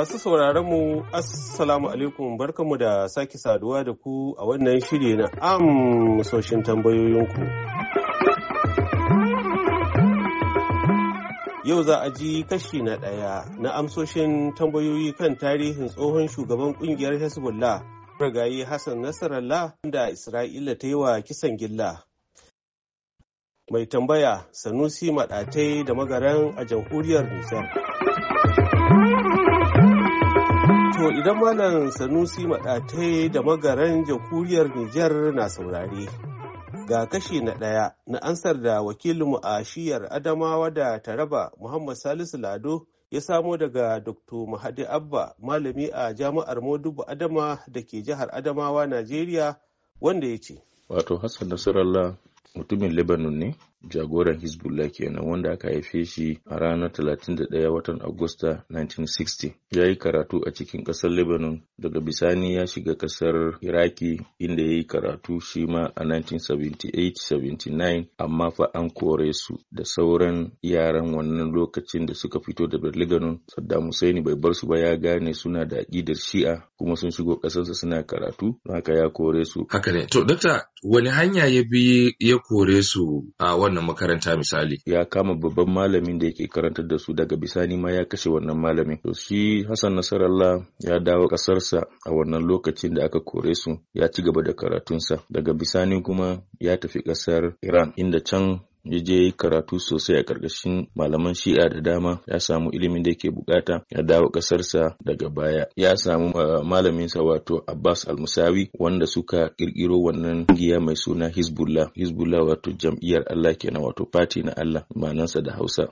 Masu sauraron mu Assalamu alaikum barkamu da sake saduwa da ku a wannan shiri na amsoshin tambayoyinku. Yau za a ji kashi na ɗaya na amsoshin tambayoyi kan tarihin tsohon shugaban ƙungiyar Hezbollah, ragayi Hassan Nasarallah da Isra'ila ta yi wa kisan gilla. Mai tambaya Sanusi Maɗatai da magaran a jamhuriyar Nijar. To idan malam Sanusi maɗatai da magaran jakuriyar Nijar na saurare. Ga kashi na ɗaya na ansar da wakilinmu a shiyar Adamawa da Taraba Muhammad Salisu Lado ya samo daga Dr. Mahadi Abba malami a jami'ar Modubu Adama da ke jihar Adamawa Najeriya wanda ya ce. Wato Hassan Nasarallah mutumin Lebanon ne jagoran Hezbollah kenan wanda aka haife shi a ranar 31 watan Agusta 1960. Ya yi karatu a cikin ƙasar Lebanon daga bisani ya shiga ƙasar Iraki inda ya yi karatu shi ma a 1978-79 amma fa an kore su da sauran yaran wannan lokacin da suka fito da Lebanon. Saddam Musaini bai bar su ba ya gane suna da aƙidar Shi'a kuma sun shigo ƙasarsa suna karatu haka ya kore su. Haka ne. To, Dokta, wani hanya ya bi ya kore su a wannan makaranta misali ya kama babban malamin da yake karantar da su daga bisani ma ya kashe wannan malamin to shi Hassan Nasarallah ya dawo ƙasarsa a wannan lokacin da aka kore su ya ci gaba da karatunsa daga bisani kuma ya tafi ƙasar Iran inda can ya je karatu sosai a ƙarƙashin malaman shi'a da dama ya samu ilimin da yake bukata ya dawo ƙasarsa daga baya ya samu eh, malaminsa wato abbas almusawi wanda suka ƙirƙiro wannan ƙungiya mai suna hizbullah hizbullah wato jam'iyyar allah kenan wato fati na allah manansa da hausa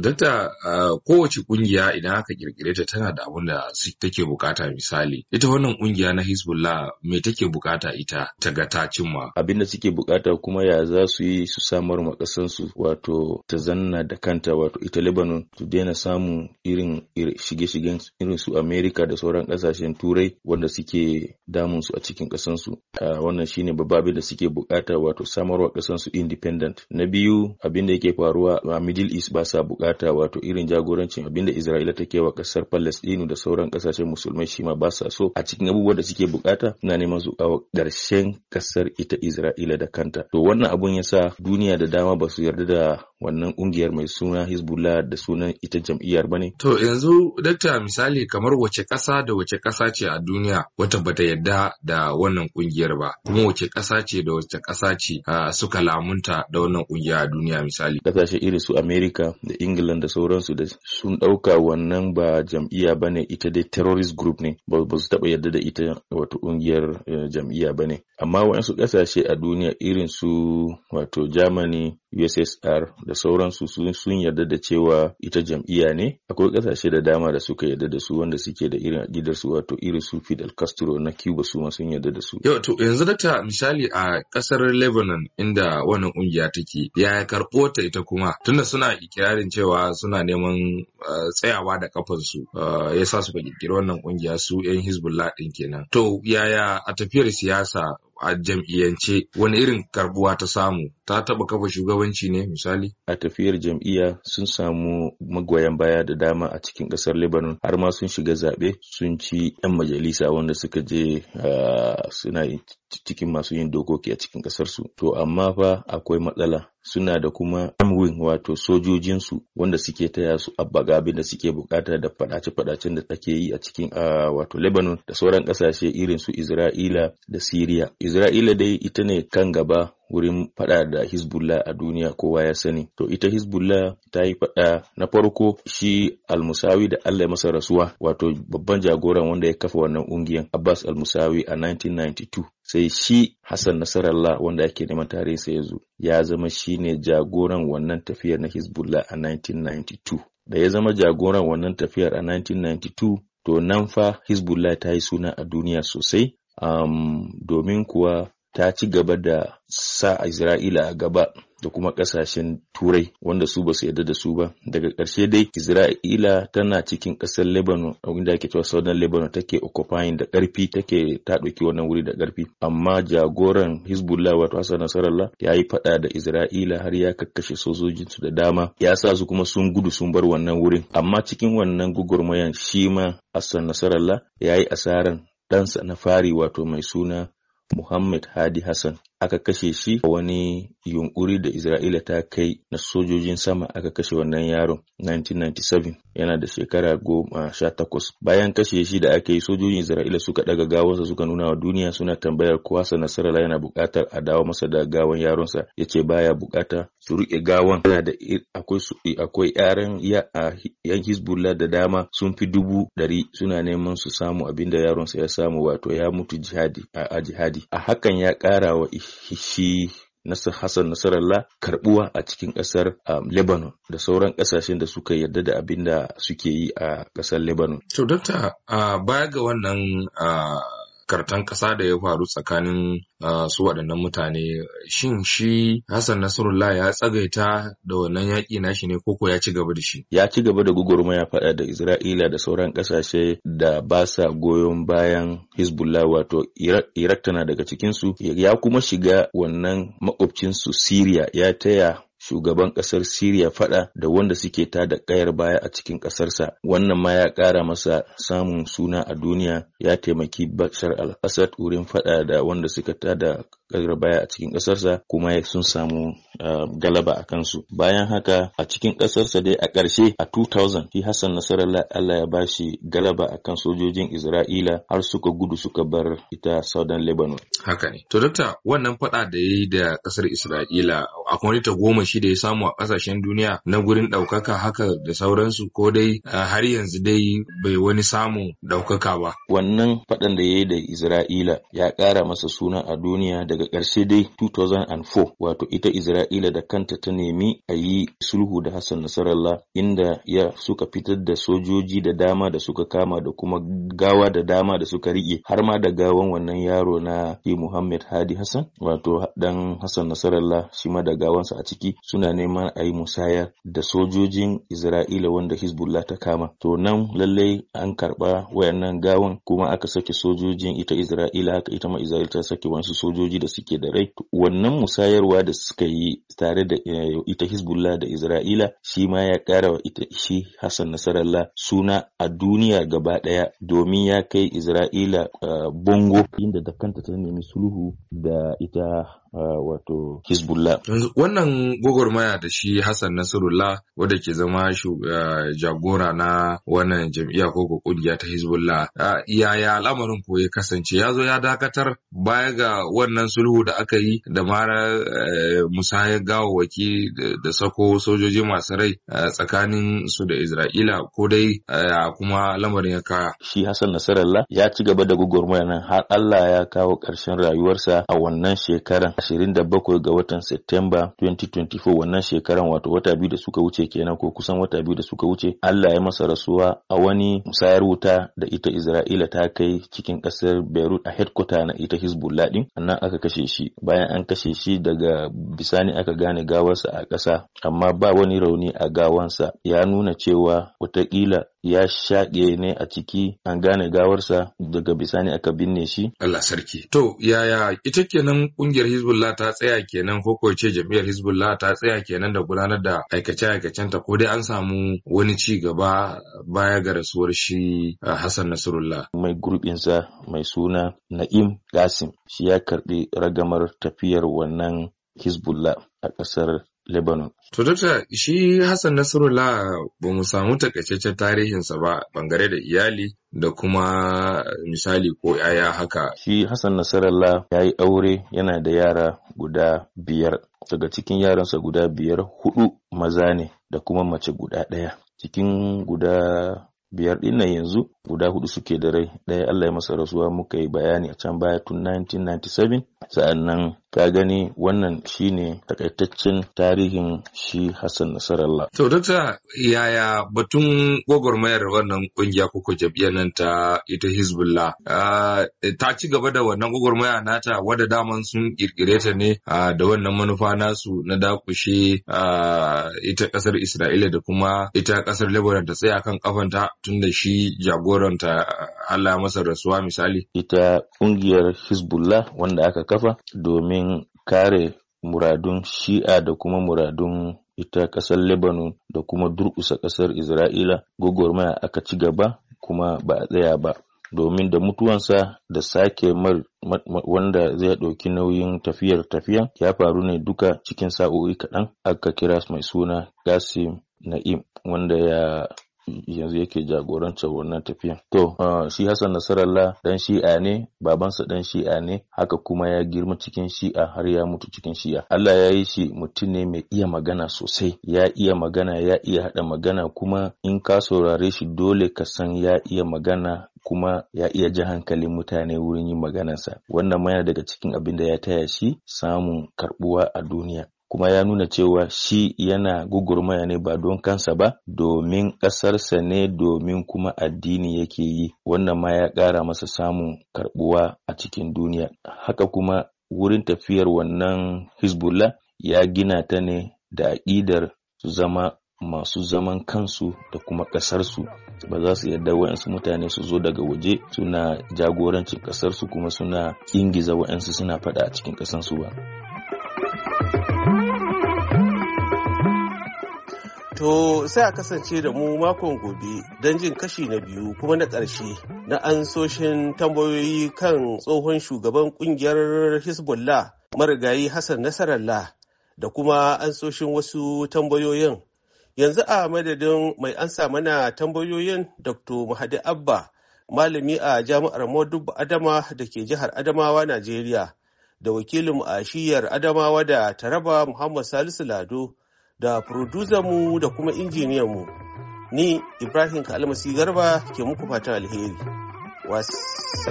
dakta eh, kowace ƙungiya idan aka ƙirƙire ta tana da abun da take bukata misali ita wannan ƙungiya na hizbullah me take bukata ita ta ga ta cimma abin da suke bukata kuma ya za su yi su samar ma su wato ta zanna da kanta wato ita Lebanon su daina samun irin shige-shigen irin su Amerika da sauran kasashen Turai wanda suke damun su a cikin kasansu. Wannan shine bababe da suke bukata wato samarwa kasansu independent. Na biyu abin da yake faruwa a Middle East ba sa bukata wato irin jagorancin abin da Isra'ila take wa kasar Palestine da sauran kasashen musulmai shi ma ba sa so a cikin abubuwan da suke bukata na neman su a ƙarshen kasar ita Isra'ila da kanta. To wannan abun yasa duniya da dama ba su yarda da wannan ƙungiyar mai suna Hezbollah da sunan ita jam'iyyar ba ne? To yanzu dakta misali kamar wace ƙasa da wace ƙasa ce a duniya wata bata yadda da wannan kungiyar ba kuma wace ƙasa ce da wace ƙasa ce suka lamunta da wannan kungiya a duniya misali. Kasashe irin su Amerika da England da sauransu da sun ɗauka wannan ba jam'iyya bane ita dai terrorist group ne ba su taɓa yadda da ita wato kungiyar e, jam'iyya bane amma waɗansu ƙasashe a duniya irin su wato Germany USSR da sauransu sun yarda da cewa ita jam'iyya ne akwai kasashe da dama da suka yarda da su wanda suke da irin gidar su wato irin su Fidel Castro na Cuba su sun yarda da su yau to yanzu dakta misali a kasar Lebanon inda wannan kungiya take ya karbo ta ita kuma tunda suna ikirarin cewa suna neman eh, tsayawa da kafansu eh, ya sa su kirkiri wannan kungiya su yan Hezbollah din kenan to yaya a tafiyar siyasa a jam'iyyance wani irin karbuwa ta samu ta taɓa kafa shugabanci ne misali a tafiyar jam'iyya sun samu magoyan baya da dama a cikin ƙasar Lebanon har ma sun shiga zaɓe sun ci 'yan majalisa wanda suka je ah, suna cikin masu yin dokoki a cikin kasarsu To amma fa akwai matsala suna da kuma amwin wato sojojinsu wanda suke taya su a abin da suke bukata da fadace-fadacen da take yi a cikin a wato Lebanon da sauran kasashe irin su Isra'ila da Siriya. Isra'ila dai ita ne kan gaba wurin fada da Hezbollah a duniya kowa ya sani. To ita Hezbollah ta yi fada na farko shi Almusawi da Allah ya masa rasuwa wato babban jagoran wanda ya kafa wannan ungiyan Abbas Almusawi a 1992 sai shi Hassan Nasarallah wanda ake neman tare sai ya zo ya zama shine jagoran wannan tafiyar na Hezbollah a 1992 da ya zama jagoran wannan tafiyar a 1992 to nan fa Hezbollah ta yi suna a duniya sosai um, domin kuwa ta ci gaba da sa Isra'ila a gaba da kuma ƙasashen turai wanda su basu yarda da su ba daga ƙarshe dai isra'ila tana cikin ƙasar lebanon A wanda ake cewa southern lebanon take occupying da ƙarfi take ta ɗauki wannan wuri da ƙarfi amma jagoran hezbollah wato hassan nasarallah ya yi faɗa da isra'ila har ya kakkashe sojojinsu da dama ya sa su kuma sun gudu sun bar wannan wurin amma cikin wannan gugurmayan shi ma hassan nasarallah ya yi asaran ɗansa na fari wato mai suna Muhammad Hadi Hassan aka kashe shi a wani yunkuri da Isra'ila ta kai na sojojin sama aka kashe wannan yaron 1997 yana da shekara goma sha takwas. Bayan kashe shi da aka yi sojojin Isra'ila suka daga gawarsa suka nuna wa duniya suna tambayar kwasa Nasarala yana buƙatar a dawo masa da gawan yaronsa ya ce baya buƙata su riƙe gawan yana da akwai akwai yaran yan Hezbollah da dama sun fi dubu ɗari suna neman su samu abinda yaronsa ya samu wato ya mutu jihadi a jihadi a hakan ya ƙara wa shi Nasir Hassan Nasarallah karbuwa a cikin kasar um, Lebanon da sauran kasashen da suka yarda da abin da suke yi a kasar Lebanon. To, Dokta, uh, baya ga wannan uh, kartan ƙasa da ya faru tsakanin su waɗannan mutane shin shi Hassan Nasrullah ya tsagaita da wannan yaƙi nashi ne koko ya ci gaba da shi ya ci gaba da gugurmaya faɗa da Isra'ila da sauran ƙasashe da ba sa goyon bayan Hezbollah wato Iraq tana daga cikinsu. ya kuma shiga wannan maƙwabcinsu siriya ya taya shugaban kasar Siriya fada da wanda suke ta da kayar baya a cikin kasarsa wannan ma ya kara masa samun suna a duniya ya taimaki Bashar al-Assad wurin fada da wanda suka ta da kayar baya a cikin kasarsa kuma sun samu galaba a kansu bayan haka a cikin ƙasarsa dai a ƙarshe a 2000 shi Hassan Nasarallah Allah ya bashi galaba a kan sojojin Isra'ila har suka gudu suka bar ita Southern Lebanon haka ne to dokta wannan faɗa da yayi da ƙasar Isra'ila a wani goma shi da ya samu a ƙasashen duniya na gurin ɗaukaka haka da sauransu ko dai har yanzu dai bai wani samu ɗaukaka ba wannan faɗan da yayi da Isra'ila ya ƙara masa suna a duniya daga ƙarshe dai 2004 wato ita Isra'ila Isra'ila da kanta ta nemi a yi sulhu da Hassan Nasarallah inda ya suka fitar da sojoji da dama da suka kama da kuma gawa da dama da suka riƙe har ma da gawan wannan yaro na yi Muhammad Hadi Hassan wato dan Hassan Nasarallah shi ma da gawansa a ciki suna neman a yi musaya da sojojin Isra'ila wanda Hezbollah ta kama. To nan lallai an karɓa wayannan gawan kuma aka sake sojojin ita Isra'ila haka ita ma Isra'ila ta sake wasu sojoji da suke da rai. Wannan musayarwa da suka yi tare da eh, ita Hezbollah da Isra'ila shi ma ya ƙara wa ita shi Hassan Nasarallah suna a duniya gaba ɗaya domin ya kai Isra'ila eh, bongo inda da kanta ta nemi sulhu da ita Eh, wato Hezbollah. Wannan gwagwarmaya da shi Hassan Nasrullah wadda ke zama eh, jagora na wannan jam'iyya ko kungiya ta Hezbollah. Yaya eh, al'amarin ko ya kasance ya zo ya dakatar baya ga wannan sulhu da aka yi da mara musayar gawawaki da sako sojoji masu rai tsakanin su da Isra'ila ko dai kuma lamarin ya kaya. Shi Hassan Nasrallah ya ci gaba da gwagwarmaya nan har Allah ya kawo ƙarshen rayuwarsa a wannan shekaran. 27 ga watan Satumba 2024 wannan shekaran wato wata biyu da suka wuce kenan ko kusan wata biyu da suka wuce Allah ya masa rasuwa a wani musayar wuta da ita Isra'ila ta kai cikin kasar Beirut a headquarter na ita Hezbollah din annan aka kashe shi bayan an kashe shi daga bisani aka gane gawarsa a ƙasa amma ba wani rauni a gawansa ya nuna cewa watakila ya shaɗe ne a ciki an gane gawarsa daga bisani aka binne shi. Allah sarki. To yaya ita kenan ƙungiyar Hizbullah ta tsaya kenan ko ko ce jami'ar Hizbullah ta tsaya kenan da gudanar da aikace aikacen ta ko dai an samu wani ci gaba baya ga rasuwar shi uh, Hassan Nasrullah. Mai gurbinsa mai suna Na'im Gasim shi ya karɓi ragamar tafiyar wannan Hizbullah a ƙasar Lebanon. To dokta shi Hassan Nasrullah ba mu samu takaitaccen tarihinsa ba bangare da iyali da kuma misali ko yaya haka. Shi Hassan Nasrullah ya yi aure yana da yara guda biyar. Daga cikin yaransa guda biyar hudu maza ne da kuma mace guda ɗaya. Cikin guda biyar ɗin yanzu guda hudu suke da rai ɗaya Allah ya masa rasuwa muka yi bayani a can baya tun 1997 sa'annan ka gani wannan shine takaitaccen tarihin shi Hassan Nasarallah. To dokta yaya batun gwagwarmayar wannan kungiya koko jam'iyyar nan ta ita Hizbullah ta ci gaba da wannan gwagwarmaya nata wadda daman sun kirkire ta ne da wannan manufa nasu na dakushe ita kasar Isra'ila da kuma ita kasar Lebanon ta tsaya kan kafanta tun da shi jagora jagoranta Allah masa rasuwa misali? Ita kungiyar Hezbollah wanda aka kafa domin kare muradun shi'a da kuma muradun ita kasar Lebanon da kuma durƙusa ƙasar Isra'ila gwagwarmaya aka ci gaba kuma ba a tsaya ba. domin da mutuwansa da sake mar wanda zai ɗauki nauyin tafiyar tafiya ya faru ne duka cikin sa'o'i kaɗan aka kira mai suna Gasim Na'im wanda ya yanzu yake jagorancin wannan tafiyan. To shi Hassan Nasarallah dan shi'a ne babansa dan shi'a ne haka kuma ya girma cikin shi'a har ya mutu cikin shi'a. Allah ya yi shi mutum ne mai iya magana sosai ya iya magana ya iya haɗa magana kuma in ka saurare shi dole ka san ya iya magana kuma ya iya ji hankalin mutane wurin yin maganarsa wannan ma daga cikin abin da ya taya shi samun karbuwa a duniya kuma ya nuna cewa shi yana gugurmaya ne ba don kansa ba domin ƙasarsa ne domin kuma addini yake yi wannan ma ya ƙara masa samun karɓuwa a cikin duniya haka kuma wurin tafiyar wannan hezbollah ya gina ta ne da aƙidar su zama masu zaman kansu da kuma ƙasarsu ba za su yarda wa'yansu mutane su zo daga waje suna jagorancin ƙasarsu kuma suna ingiza wa'yansu suna faɗa a cikin ƙasarsu ba. To sai a kasance da mu makon gobe don jin kashi na biyu kuma na ƙarshe na ansoshin tambayoyi kan tsohon shugaban ƙungiyar Hezbollah marigayi Hassan Nasarallah da kuma ansoshin wasu tambayoyin. Yanzu a madadin mai ansa mana tambayoyin Dr. Mahadi Abba malami a jami'ar Modubu Adama da ke jihar Adamawa, Najeriya, da wakilin a shiyar Adamawa da Taraba Muhammad Salisu Lado. da mu da kuma mu ni ibrahim kalmasi garba ke muku fatan alheri wasu